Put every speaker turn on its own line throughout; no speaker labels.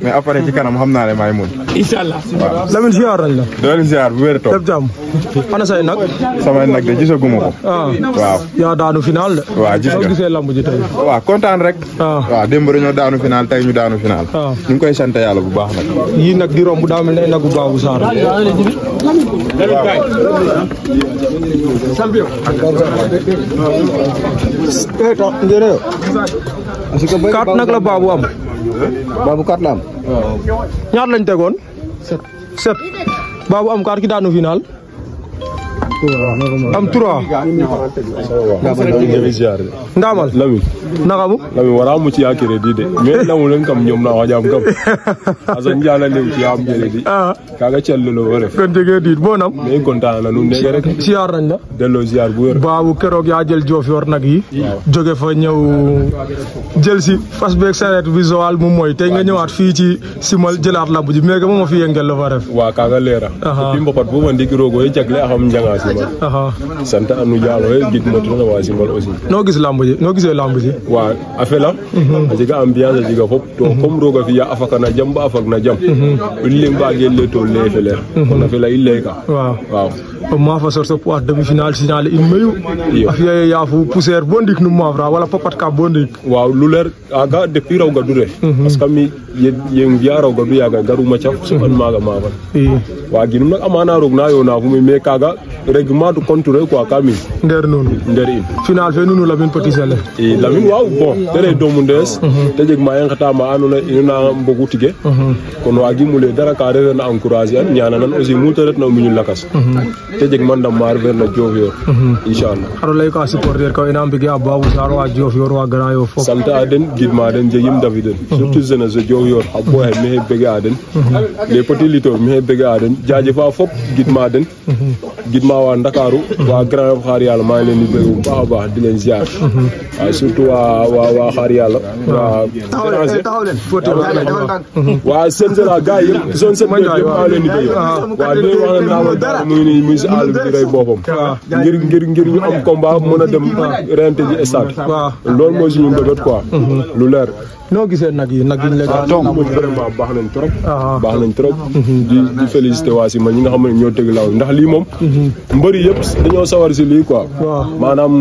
mais après ci kanam xamna lay may mun inshallah allah Lamine
ziar nañ la doon ziar bu wéré top jam Jisok ana say nak sama nak de gisaguma ko
ah. waaw
ya daanu final de
waaw gis nga gisé lamb ji tay waaw contane rek ah. waaw démb dañoo daanu final tay ñu daanu final ah.
ñu koy sant yalla bu baax nak yi nak di romb daa mel ne nagu baabu saar sambio kaat la baabu am baabu quatre la am. waaw ñaar lañ tegoon. sept sept baabu am kaar ki daanu final. am trois
ndamal lami nakamu lami wara mu ci a di de me lamu len kam ñom na wajam kam asan jala len ci am jele di kaga cello lo ref
kon dege la nu ndege rek ziar nañ la delo ziar bu baabu keroog yaa jël Diofior nag yi jóge fa ñëw jël si fas beeg saret visual mu mooy tey nga ñëwaat fii ci simal jëlaat la bu ji moom a fi yëngal la fa ref waa kaga leera bi mbopat bu ma ndik roogo yi
sant anu Ndiallo gid motu na waa Simbal aussi noo gis lamb ji noo gisee lamb ji waaw a fela a jega ambiance je jega fop to comme roog a fiya a faka na jam ba a fag na jam in le mbaage le to le feleer kon a fela i ley ka
waaw waaw o maaf a sorso pour demi finale finale in mayu a fiya ye yaafu poussière bo ndik nu maaf ra wala papat ka bo ndik waaw lu leer aga depuis raw gadu re parce que mi
ye mbiya raw gadu yaaga garuma caf soɓan maaga maafan waaginum nag amana roog na yoona fumi mais kaaga règlement du contouré kwa kami nder noon nder in final fe nunu lamin petit sele i lamin waaw bon tere e domu ndes mhm. te jeg ma ma yengetama andona inona e, mbogu tige mhm. kon wagim mule dara ka e na encourager an nan aussi mu te retna o mbiñu lakas mhm. te jeg ma ndam ma refeerna diofior inchallah
xaro lay ka supporter ka ina mbige a babou sar wa diofior wa grand yo fo sant a
den gidma den jegim ndafi den surtout jeunesse o diofior xa boxe maxey bege a den les petits litors maxey bege a den fa fop gidma den gidma wa waa Ndakaaru waa Grand Yoff xaar yàlla maa ngi leen di bëgg bu baax a baax di leen ziar waaw surtout waa waa waa xaar yàlla waa waa seen sera gars yi yëpp zone sept yëpp maa ngi leen di bëgg waaw di leen wax ne Ndama Dara mu ngi nii mu ngi si àll bi rey boppam ngir ngir ngir ñu am combat mën a dem rente ji stade
loolu mooy suñu mbébét quoi lu leer noo gisee nag yi nag yi ñu leen ah, donc
vraiment baax nañ trop ah, ah. baax nañ trop mhm. di di félicité waa si ma ñi nga xam ne ñoo tëgg laaw ndax lii moom mhm. mbëri yëpp dañoo sawar si lii quoi. maanaam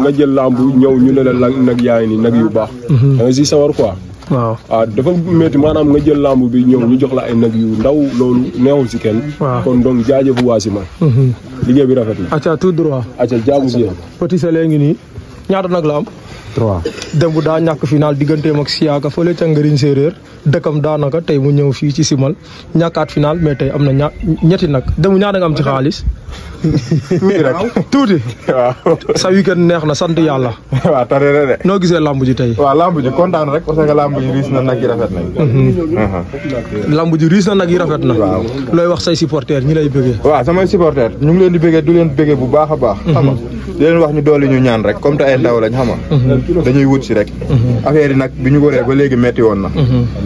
nga jël làmb ñëw ñu ne la nag yaay ni nag yu baax. Mhm. da nga siy sawar quoi. waaw ah dafa métti maanaam nga jël làmb bi ñëw ñu jox la ay nag yu ndaw loolu neexul si kenn. kon donc jaajëf waa si man. Mhm. liggéey bi rafet
na. acca tout droit.
acca jaamu si yéen.
Petit Sélé ngi nii ñaata nag la am. trois démb daa ñàkk final digganteem ak Siaka fële ca Ngariñ Séeréer dëkkam daanaka tey mu ñëw fii ci Simal ñàkkaat final mais tey am na ñetti nag démb ñaata nga tuuti rek tuuti. waaw. sa weekend neex na sant yàlla. waaw tare na de. noo gisee lamb ji tey. waaw lamb ji kontaan rek parce que lamb ji riis na nag yi rafet mhm. uh-huh. na yi rafet na. waaw looy wax say supporters ñi lay bëggee. waaw samay supporters
ñu ngi leen di bëggee du leen bëggee bu baax a baax. Mhm. xam nga di leen wax ñu doole ñu ñaan rek comme te ay ndaw lañ xam nga. Mhm. dañuy wut si rek. affaire yi nag bi ñu waree ba léegi metti woon na.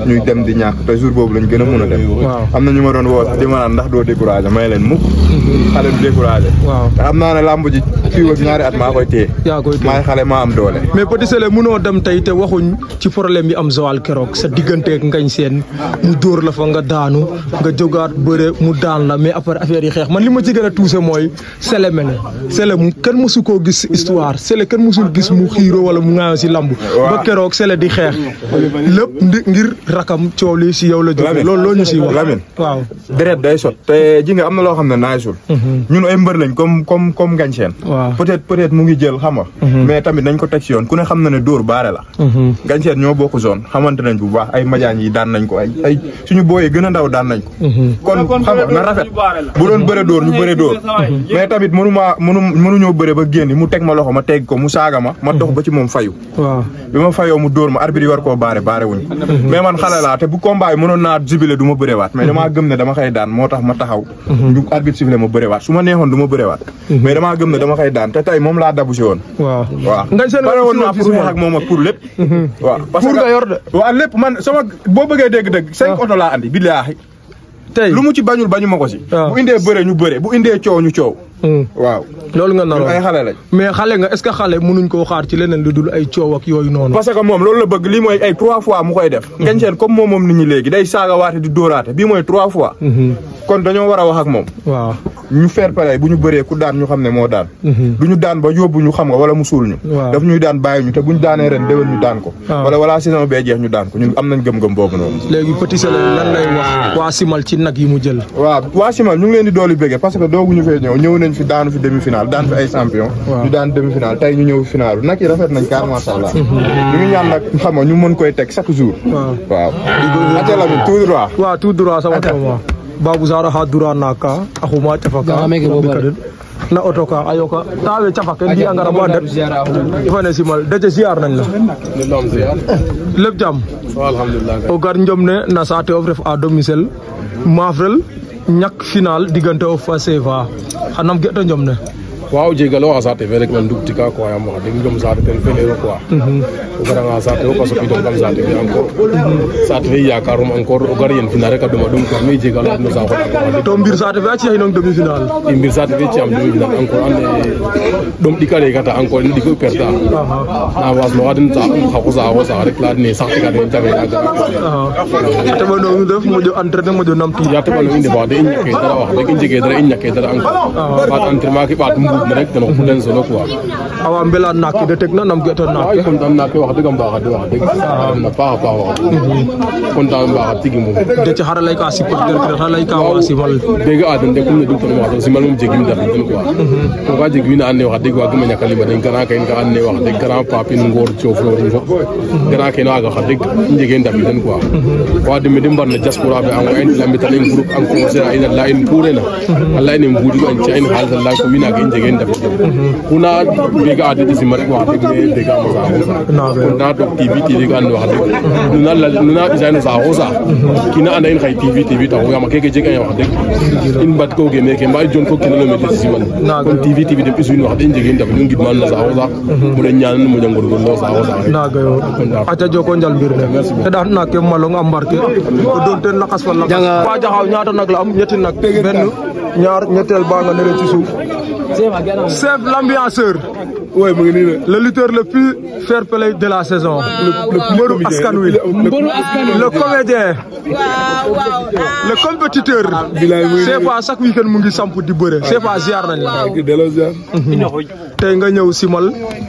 ñuy dem di ñàkk te jour boobu lañ gën a a dem. am na ñu ma doon woo découragé. waaw te xam naa ne làmb ji fii ak ñaari at maa koy téye. yaa xale maa am doole.
mais Petit Sélé munoo dem tey te waxuñ ci problème yi am Joal keroog sa digganteeg ngañ seen mu dóor la fa nga daanu nga jógaat bëre mu daan la mais après affaire yi xeex man li ma ci gën a tuuse mooy Sélé mele Sélé mu kenn ma koo gis histoire Sélé kenn mosul gis mu xiiro wala mu ŋaayoo si lamb. ba keroog Sélé di xeex. lépp ngir rakam coow si yow la jógee. loolu loo ñu siy wax Lamine waaw. deret day sot te ji am na loo xam ne naasul. Mhm.
ñun waaw peut être peut être mu ngi jël xam nga mhm. mais tamit nañ ko teg si yoon ku ne xam na ne dóor baare la mhm. gànceet ñoo bokk zone xamante bu baax ay majaañ yi daan nañ ko ay ay suñu booyee gën a ndaw daan nañ
ko mhm. kon xam na rafet bu doon bëre dóor ñu bëre dóor mais
tamit mënu mënuñoo bëre ba génn mu teg ma loxo ma teg ko mu saaga ma ma dox ba ci moom fayu waaw bi ma fayoo mu dóor ma arbitre yi war koo baare baare wuñ mais man xale laa te bu combat yi mënoon naa jubile du ma bërewaat mais damaa gëm ne dama xëy daan moo tax ma taxaw lay daan te tey moom laa dabu si woon.
waaw waaw
pare woon naa pour wax ak moom ak mhm. boo bëggee dégg-dégg. Ah.
cinq oto laa andi billaahi. tey ci bañul bañu ma ko si. Ah. bu indee bëre ñu bëre bu indee coow ñu coow. Hmm. waaw loolu nga naroon ay xale lañ mais xale nga est que xale mënuñ koo xaar ci leneen lu dul ay coow yooyu noonu parce moom loolu la bëgg lii mooy trois fois mu koy def hmm. hmm. kon
dañoo war a wax ak moom
waaw ñu fair
play bu ñu bëree daan ñu xam ne moo daan du ñu daan ba yóbbu ñu xam nga wala mu ñu daf ñuy daan bàyyi ñu te bu ñu daanee ren ñu daan ko ah. wala wala saison bee jeex ñu daan ko ñun am nañ gëm-gëm boobu noonu léegi Petit Sélé ñu ngi leen nañ fi daanu fi demi-finale daan fi ay champion ñu daan demi-finale tey ñu ñëw finale nag yi rafet nañ kaar masha Allah mhm. ñu ngi ñaan nag xam nga ñu mën koy teg chaque jour waaw ate la mi tout
droit waaw tout droit sama tama babu zara ha dura a ahuma tafaka na a ka ayo ka tawe cafake ndi angara ba dat ifane simal daje ziar nañ la lépp jàmm o gar njom na saate of ref a domicile mafrel ñak final diggante o fa seva xanam geɗɗo jom ne
waaw jegalo xa saate fe rek tika quoi yaam wax deg jom saate ten feleero quoi mhm. o garanga saate fop a soɓidong kam mhm. saate fe encore saate fe yakarum encore o gar yen ya final rek a ɗoma ɗum quoi mais jegalo adno sa xoɗa
to mbir saate fe a demi final
i mbir saate fe demi final encore ande ɗom ɗika regata encore ne ɗiko perte a na wasnoxa den xaqo saxo sax rek leya dene sax tega den jafe na gara teɓanong def entraîner nam de dara wax dara dara encore entraînement rek dama xul den solo quoi awa mbela naak de teg na nam ge ta naak kontaan naak wax dëgg mbaax a wax dëgg na paax a paax wax kontaan mbaax a tigi moom de ci xara lay ka supporter ke xara lay ka wa simal dégg a den de comme ne dug tan wax simal moom jegim dal den quoi ko ga jeg wiin ande wax dëgg wa gëma ñaka lima den grand kayin ka ande wax dëgg grand papin ngor cioflo rin fop grand kayin waga wax dëgg njege ndam den quoi wa demi de mbarna diaspora be ango en lambital en groupe en concert en la en pourena Allah ne mbudu en ci en halal la ko wiina ke njege in ndefo ten kuna jega a deɓ ɓisim rek wax deg ne jegaam o saaxo kuna dog TV TV ga and wax deg nuna ɓisayin o saaxo saax kiina anda in xaye TV TV taxu yaam keke jeg aye wax deg in mbad ko ge meeke mba i jon ko kene lome de siman kon TV TV den ɓisuin wax deg i njegin ndafo nu ngidman no saaxo saax moɗa ñaanan moƴa ngorgorlo saaxo saax naga yo aca joko njal mbir ne xeɗa na ke malong a mbarke o
doon teen lakas fa lakas fa jaxaw ñaata nag la am ñetti nag benn ñaar ñetteel baa nga nële ci suuf. chef l'ambianceur. mu ngi nii la. le lutteur le plus fair play de la saison. le mbëru askan wi le comédien. Ah. le compétiteur. Ah, c'est a chaque week-end mu ngi samp di bëre c'est a ziar nañ ah, la. tey nga ñëw simal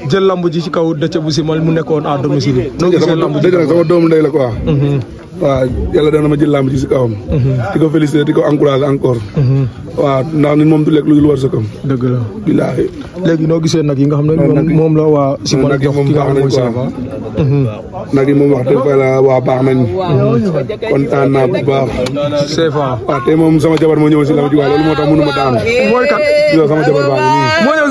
jël lamb ji ci kaw dëcc bu
simal mu nekkoon à domicile. noo gisee lamb ji sama doomu ndey la quoi. Mhm. Wah, yàlla def na ma jël ji si kawam. Mhm. di ko féliciter di ko encourager encore. Mhm. waaw ndax nit moom du lekk lu dul war sa kam. dëgg la billaahi.
léegi noo gisee nag yi nga xam ne moom moom la waa. si mën a jox ki nga xam ne
mhm. nag yi moom wax dëgg fa la waa baax nañ. kontaan naa bu baax. moom sama jabar moo ñëw si làmb ji waaye loolu moo tax mënu ma daanu. mooy kat. sama jabar baax ini.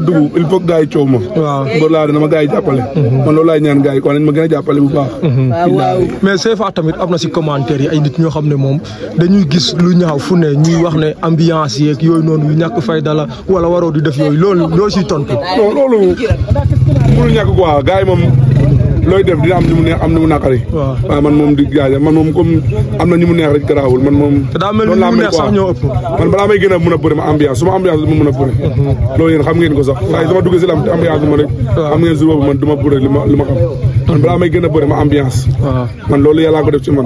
dugg il faut que gars coow ma waaw mbër laa dina ma gars yi jàppale mhm. man loolu laay ñaan gars yi kon nañ a jàppale bu baax mhm.
mais CFA tamit am na si commentaire yi ay nit ñoo xam ne moom dañuy gis lu ñaaw fu ne ñuy wax ne ambiance yeeg yooyu noonu ñàkk fayda la
wala waroo di def yooyu loolu loo siy tontu non loolu ñàkk quoi gars moom looy def dina am ñu mu neex am na mu naqari. waaw waaw man moom di jaajëf man moom comme am na ñu mu neex rek garaawul man moom. loolu laa mel sax ñoo ëpp man balaa may gën a mën a bëri ma ambiance su ma ambiance ma mën a bëri. Mm-hmm. loolu xam ngeen ko sax waaye dama duggee si la ma rek. xam ngeen jour boobu man du ma bëri li ma li ma xam. man balaa may gën a ma ambiance. man loolu yàllaa ko def ci man.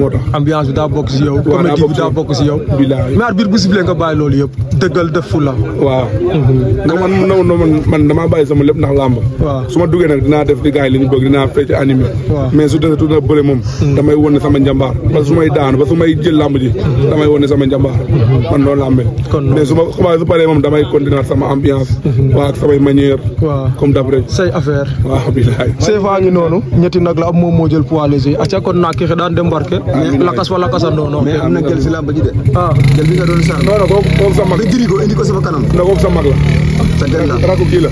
moo tax.
ambiance bi daa bokk si yow. waaw comédie bi daa
bokk si yow. bilaay
mais arbitre bu sifflé nga bàyyi loolu
yëpp. dëggal def fu mhm. nga man man man man sama lépp ndax làmb. waaw su ma duggee nag dinaa def di gars yi li ñu bëgg dinaa fecc animé. mais su dee tuuti na bëri moom. Mhm. damay wane sama njambaar. ba su may daanu ba su may jël làmb ji. Mhm. damay wane sama njambaar. man loolu laa mel. kon mais su ma xamaa su paree moom damay continuer sama ambiance. waaw ak samay manière. waaw comme d' après.
baa ngi noonu ñetti nag la am moom moo jël poids léger acca kon naa kexe daan démbarqué lakas fa lakasandoo noonu mais am na gel si
làmb ji de ah gel bi nga doon sar non sa mag la jëri ko indi ko sama kanam non kooku sa mag la sa gel la rakku la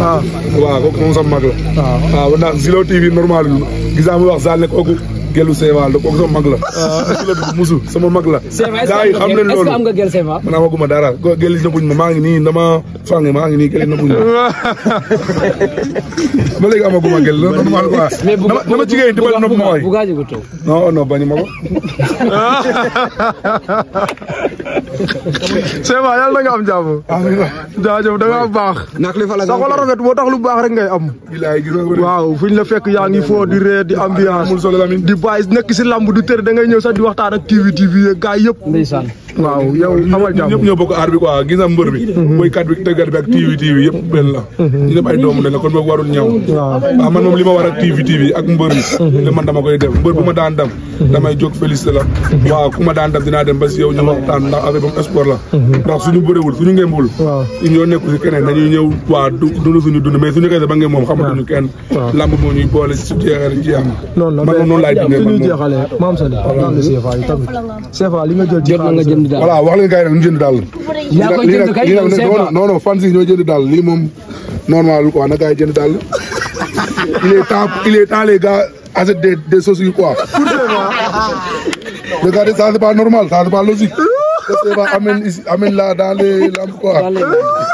waaw ah. waaw kooku sa mag la waaw ah. ah, waaw ndax Zilo TV normal gisaa muy wax sal ne kooku gelu Seva la ah. ko sama magla musu sama magla gay xam len lolu est-ce am nga gel Seva. man amaguma dara gel yi nëbbuñ ma ngi ni dama fangé ma ngi ni gel na buñ ma. ba léegi amaguma gel la man man quoi. mais bu dama jigéen dimbali nëbb mooy. bu gaañu ko taw. non non bañu ma Seva yàlla na nga am jabu
da jabu da nga am baax. nak li fa la nga la wala rafet moo tax lu bax rek ngay am. waaw fuñ la fekk yaa ngi foo di re di ambiance. di waaye nekk si lamb du tër da ngay ñëw sax di waxtaan ak TV TV yeeg gars yëpp. ndeysaan
waaw yow amal jàmm ñëpp ñoo bokk aar bi quoi gis nga mbër bi mm-hmm. boykat bi tëggat bi ak TV TV yëpp benn la ñu mm-hmm. ñëpp ay doomu lañ la kon boog warul ñaw waaw man moom li ma war ak TV TV ak mbër bi li mm-hmm. man dama koy def mbër bu ma daan dam damay jóg félicité la waaw ku ma daan dam dinaa dem ba si yow ñu waxtaan ndax affaire bam sport la ndax suñu bëréwul suñu ngembul ñun ñoo nekku si keneen dañuy ñëw waa dund suñu dund mais suñu kese ba ngeen moom xamatuñu kenn lamb moo ñuy boole si jeexal ci am man moom noonu laay dundee man moom jënd daal voilà yi nag ñu jënd daal. yaa koy jënd jënd daal lii moom normal quoi na gars yi jënd daal il est temps il est temps les gars achètent normal ça c' est pas logique. parce que ça amène ici amène